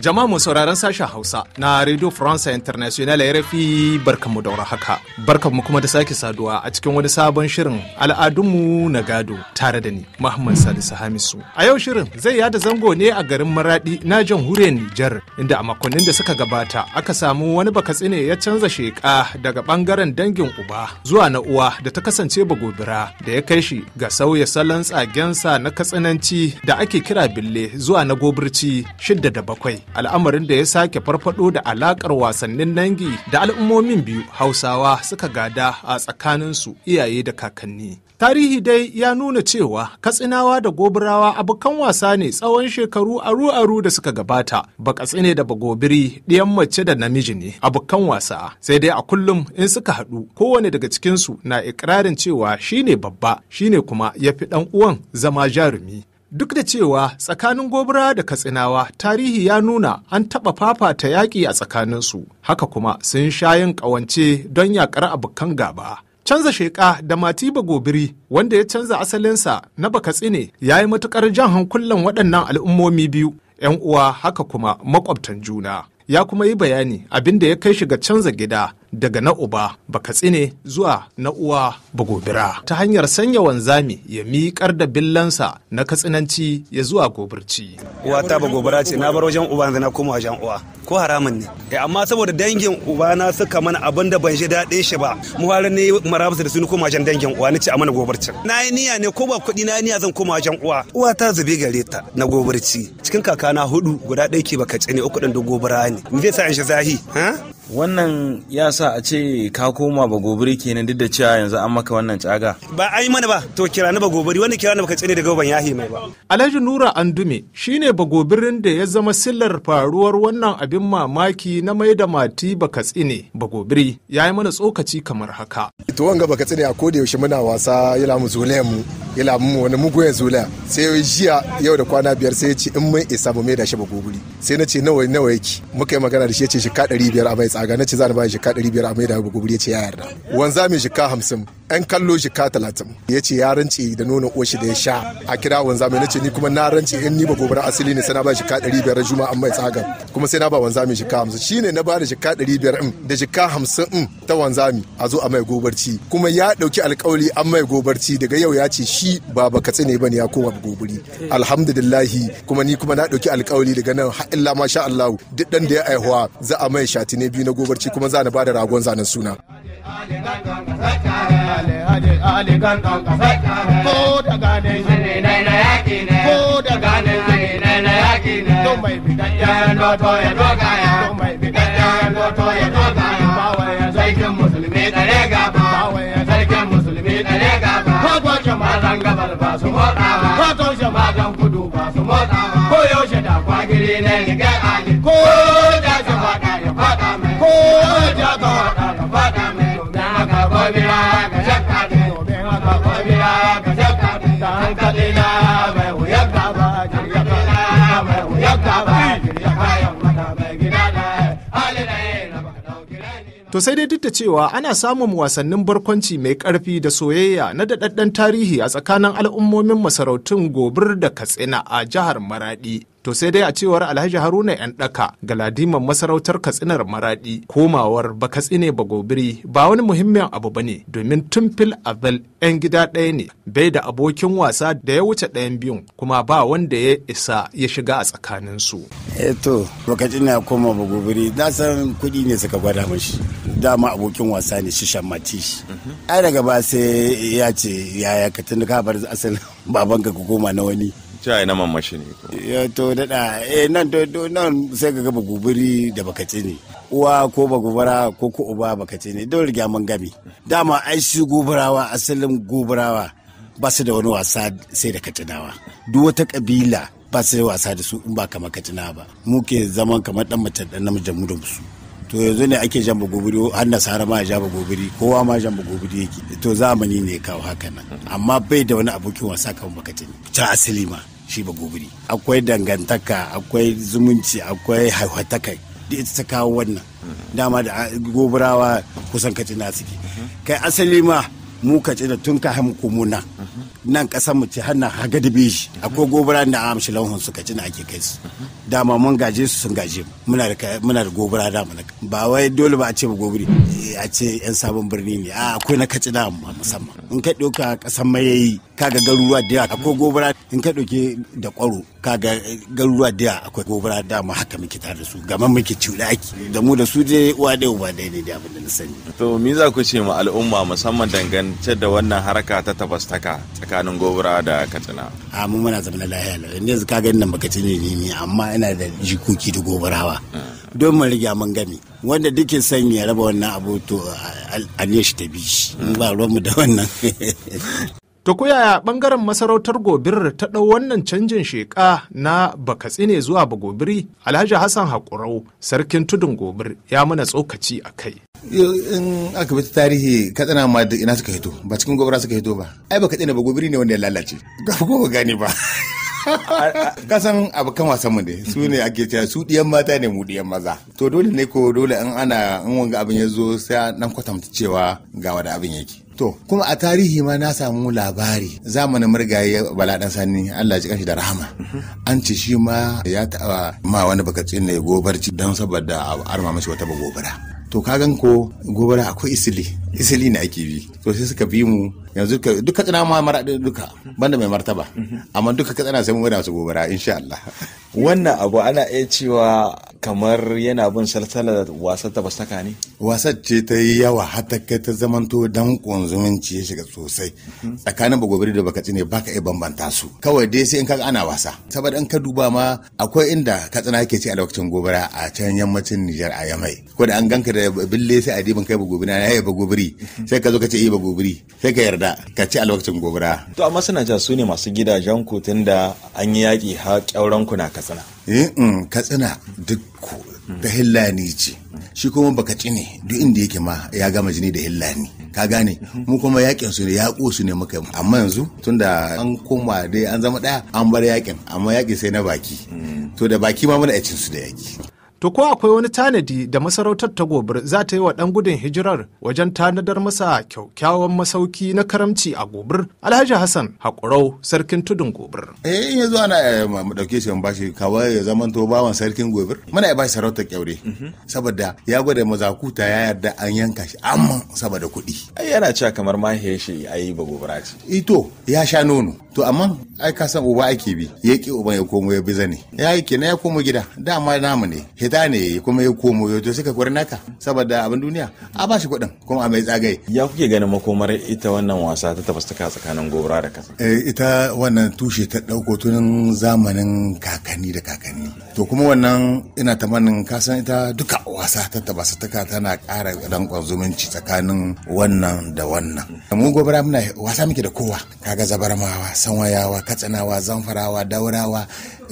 Jama'a mu sauraron sashen Hausa na Radio France International ya rafi barkanmu da haka. Barkanmu kuma da sake saduwa a cikin wani sabon shirin al'adunmu na gado tare da ni Muhammad Salisu Hamisu. A yau shirin zai yada zango ne a garin Maradi na jamhuriyar Nijar inda a makonnin da suka gabata aka samu wani ne ya canza sheka daga bangaren dangin uba zuwa na uwa da ta kasance bagobira da ya kai shi ga sauya salon tsagensa na katsinanci da ake kira bille zuwa na gobirci shidda da bakwai al'amarin da ya sake farfado da alakar wasannin nangi da al'ummomin biyu hausawa suka gada a tsakaninsu iyaye da kakanni tarihi dai ya nuna cewa katsinawa da gobirawa abokan wasa ne tsawon shekaru aru-aru da suka gabata ba ne da bagobiri ɗiyan mace da namiji ne abokan wasa sai dai a kullum in suka haɗu kowane daga cikinsu na ikirarin cewa shine babba shine kuma ya fi ɗan uwan zama jarumi Duk da cewa tsakanin gobira da katsinawa tarihi ya nuna an taɓa fafata yaƙi a tsakaninsu, haka kuma sun sha yin ƙawance don yaƙar abokan gaba. Canza sheƙa da matiba gobiri wanda ya canza asalinsa na bakatsine ya yi matuƙar jan hankulan waɗannan al'ummomi biyu, 'yan uwa haka kuma maƙwabtan juna. Ya kuma yi bayani abin da ya kai shi ga canza gida daga na uba baka tsine zuwa na uwa bagobira ta hanyar sanya wanzami ya miƙar da billansa na katsinanci ya zuwa gobirci. Uwata bagobira ce na bar wajen uba na koma wajen uwa ko haramun ne. Eh, amma saboda dangin uba na suka mana abin da ban ji daɗin shi ba mu har ne marabta da su koma wajen dangin uwa nace a mana gobirci Na yi niyya ne ko ba kuɗi na yi niyya zan koma wajen uwa. Uwa ta zube gare ta na gobirci cikin kakana hudu guda ɗaya ke baka tsini uku ɗin dogo ne. me zai sa in shi zahi ha wannan ya sa a ce ka koma ba gobari kenan duk da cewa yanzu an maka wannan caga ba ai mana ba to kira ni ba gobari wani kira ni baka tsini daga ban yahi mai ba Alhaji Nura Andume shine ba gobirin da ya zama sillar faruwar wannan abin mamaki na mai da mati baka tsini ba gobiri yayi mana tsokaci kamar haka to wanga baka tsini a koda yaushe muna wasa yana mu zulayen mu yana mu wani mugu ya zulaya sai jiya yau da kwana biyar sai ya ce in wai isa mai da shi ba guguri sai na ce nawa nawa yake muka yi magana da shi ya ce shika 500 a mai tsaga na ce za ni ba shi shika 500 a mai da guguri ya ce ya yarda wanzami mai shika 50 'yan kallo ka talatin ya ce ya rance da nonon oshi da ya sha a kira wanzami na ce ni kuma na rance in ni ba gobara asali ne sai na ba jika 500 juma juma'a mai tsaga kuma sai na ba wanzami jika 50 shine na ba da ka 500 in da ka 50 in ta wanzami a zo a mai gobarci kuma ya dauki alkawali an mai gobarci daga yau ya ce shi ba baka tsine bane ya koma gobari alhamdulillahi kuma ni kuma na dauki alkawali daga nan har illa masha Allah duk dan da ya aihuwa za a mai shati ne biyu na gobarci kuma za na ba da ragon zanen suna Ali gangan kasar kare ko da ganin shi yaki ne ko da ganin shi ne na ne ya ya ya ya ya sarkin musulmi gaba ya sarkin musulmi gabar ba su motsawa ko kudu ba su ko yaushe da kwagiri ne riga To sai dai duk da cewa ana samun wasannin barkwanci mai ƙarfi da soyayya na daɗaɗɗen tarihi a tsakanin al'ummomin masarautun gobir da katsina a jihar Maraɗi. To sai dai a cewar Alhaji Haruna ‘yan ɗaka ladiman masarautar katsinar maraɗi komawar ba katsine ba gobiri ba wani muhimmin abu ba ne domin tun fil azal ‘yan gida ɗaya ne bai da abokin wasa da ya wuce ɗayan biyun kuma ba wanda ya isa ya shiga a tsakaninsu. Eto eh ba katsina koma ba gobiri na san kuɗi ne suka gwada mashi dama abokin wasa ne shi shammati shi. Ai daga ba sai ya ce yaya ka tun ka bar asalin babanka ka koma na wani. cewa ina mashi ne ya to daɗa eh nan to nan sai ka gaba guburi da baka ci ne uwa ko ba gubara ko ko uba baka ci ne don riga mun gami dama ai shi gubarawa asalin gubarawa ba su da wani wasa sai da katinawa duk wata kabila ba su da wasa da su in ba kamar katina ba mu ke zaman kamar dan mace dan namijin mu da su to yanzu ne ake jamba bagobiri har nasara ma ja bagobiri kowa ma jamba bagobiri yake to zamani ne kawo haka nan amma bai da wani abokin wasa kan baka ne. ta asali ma shi ba gobiri akwai dangantaka akwai zumunci akwai haihuwatakai da ita ta kawo wannan mhm. dama da ah, goburawa kusan na suke mhm. kai asali ma mu da tun ka hamu komuna nan kasan mhm. mu ce hana haga da beji akwai gobura da amshi lauhun su na ake kai su dama mun gaje su sun gaje muna da da gobura da mu ba wai dole ba a ce ba gobiri eh, a ce yan sabon birni ne a akwai na katsina amma musamman in ka ɗauka ƙasar mayayi kaga garuruwa da yawa akwai gobara in ka ɗauke da ƙwaro kaga garuruwa da yawa akwai gobara da mu haka muke tare da su gama muke ake da mu da su dai uwa ɗaya uba da ne da abin da na sani. to me za ku ce ma al'umma musamman dangance da wannan harka ta tabastaka tsakanin gobara da katsina. a mu muna zama lahiya lau yanzu kaga ina baka ne ni amma ina da jikoki da gobarawa. Hmm. don mu riga mun gami wanda duke son ya raba wannan abu to a ne shi ta bi shi ba ruwanmu da wannan To ku yaya bangaren masarautar gobir ta ɗau wannan canjin sheƙa na baka tsine zuwa bagobiri Alhaji Hassan Haƙurau sarkin tudun gobir ya mana tsokaci a kai. In aka bi tarihi katsina ma da ina suka hito ba cikin gobira suka hito ba. Ai ba bagobiri ne wanda ya lalace. Ga ko ba gane ba. kasan kan wasan mu ne su ne ake cewa su diyan mata ne mu diyan maza to dole ne ko dole in ana in wanga abin ya zo sai nan kwatanta cewa ga wada abin yake to kuma a tarihi ma na samu labari zamanin murgaye bala dan sani Allah ya kanshi da rahama an ce shi ma ya taɓa ma wani bakacin ne gobarci dan saboda arma mashi wata gobara to ka kagan ko gobara akwai isili isili ne ake bi to sai suka bi mu yanzu duk katsina ma mara duka banda mai martaba mhm. amma duka katsina sai mu gwada su gobara insha Allah wannan abu ana iya cewa kamar yana bin salsalar wasar ta bastaka ne wasar ce ta yi yawa hata kai ta zamanto dan zumunci ya shiga sosai tsakanin bagobiri da bakaci ne baka iya bambanta su kawai dai sai in kaga ana wasa saboda in ka duba ma akwai inda katsina ke ci a lokacin gobara a can yammacin Nijar a Yamai ko da an ganka da bille sai a dibin kai a na ba bagobiri sai ka zo ka ce iya eh, bagobiri sai ka yarda ka ci a lokacin gobara to amma suna ja su ne masu gidajen ku tunda an yi yaki ha kyauran ku na katsina Eh, mm, katsina duk da hillani ce shi kuma baka ci ne duk inda yake ma ya gama jini da hillani ka gane mu kuma yakin su ne ya su ne muka amma yanzu tunda an koma dai an zama daya an bar yakin amma yaki sai na baki to da baki ma muna cin su da yaki To ko akwai wani tanadi da masarautar ta gobir za ta yi wa ɗan gudun hijirar wajen tanadar masa kyakkyawan masauki na karamci a gobir? Alhaji Hassan Hakurau sarkin tudun gobir. Eh in yanzu ana eh, mu dauke shi mu bashi kawai ya zaman to bawan sarkin gobir. Muna ya bashi sarautar kyaure. Saboda ya gwada mazakuta ya yarda an yanka shi amma saboda kuɗi. Ai yana cewa kamar ya shi yi ba gobira ce. Ito ya sha nono. To amma ai ka san uba ake bi ya ki uban ya komo ya bi zane. Ya yi kenan ya komo gida dama namu ne. ta ne kuma ya komo ya to suka kwari naka saboda abin duniya a ba shi kuɗin kuma a mai tsagaye. Ya kuke ganin makomar ita wannan wasa ta tabastaka tsakanin gobara da kasa. Eh, ita wannan tushe ta ɗauko tunin zamanin kakanni da kakanni. To kuma wannan ina tamanin kasan ita duka wasa ta tabastaka tana ƙara danƙon zumunci tsakanin wannan da wannan. Mu gobara muna wasa muke da kowa kaga zabarmawa sanwayawa katsinawa zamfarawa daurawa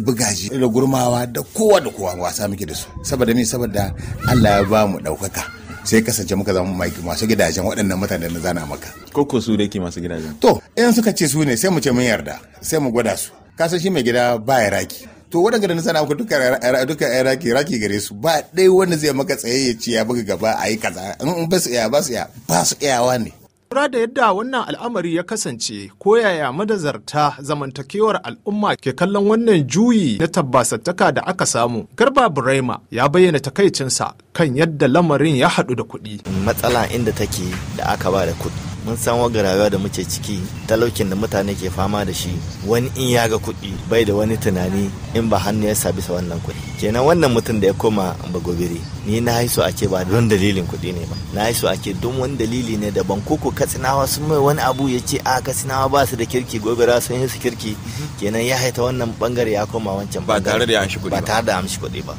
bugaji da gurmawa da kowa da kowa wasa muke da su saboda me saboda Allah ya ba mu ɗaukaka sai kasance muka zama masu gidajen waɗannan mutanen na zana maka. Koko su da ke masu gidajen. To, in suka ce su ne sai mu ce mun yarda, sai mu gwada su. Kasan shi mai gida ba ya raki. To waɗanda da na sana ku duka ya raki raki gare su ba ɗaya wanda zai maka tsaye ya ce ya buga gaba a yi kaza in ba su iya ba su iya ba su iyawa ne. Lura da yadda wannan al'amari ya kasance ko yaya madazarta zamantakewar al'umma ke kallon wannan juyi na tabbasattaka da aka samu. Garba Burema ya bayyana takaicinsa kan yadda lamarin ya haɗu da kuɗi. Matsala inda take da aka ba da kuɗi. mun san wa rayuwa da muke ciki talaukin da mutane ke fama da shi wani in ya ga kuɗi bai da wani tunani in ba hannu ya bisa wannan kuɗi kenan wannan mutum da ya koma bagobiri ni na haisu ake ba don dalilin kuɗi ne ba na haisu ake don wani dalili ne daban koko katsinawa sun mai wani abu ya ce a ah, katsinawa ba su da kirki gobira sun yi su kirki kenan ya haita wannan bangare ya koma wancan ba tare da amshi kuɗi ba tare da amshi kuɗi ba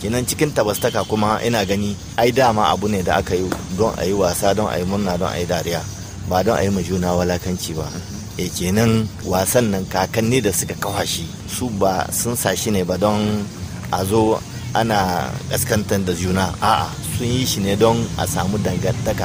kenan cikin tabastaka kuma ina gani ai dama abu ne da aka yi don a yi wasa don a yi murna don a yi dariya ba don a yi ma juna walakanci ba e kenan wasan nan kakanni da suka kawa shi su ba sun sashi ne ba don a zo ana kaskantar da juna a'a sun yi shi ne don a samu dangantaka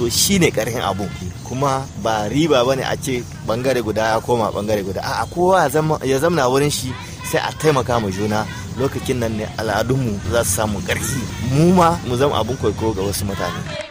to shi ne ƙarfin abu kuma ba riba ba ne a ce bangare guda ya koma bangare guda a'a kowa ya zamna wurin shi sai a taimaka ma juna lokacin nan ne al'adunmu za su samu ƙarfi mu ma mu zama abin kwaikwayo ga wasu mutane.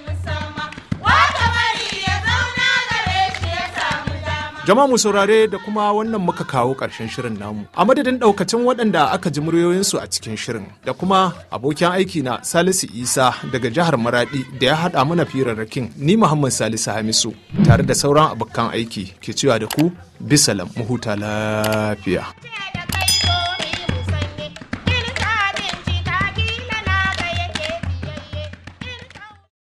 Jama'a mu saurare da kuma wannan muka kawo ƙarshen shirin namu. A madadin ɗaukacin waɗanda aka ji muryoyinsu a cikin shirin da kuma abokin aiki na Salisu Isa daga jihar Maradi da ya haɗa mana firarrakin ni Muhammad Salisu Hamisu tare da sauran abokan aiki ke cewa da ku bisalam mu huta lafiya.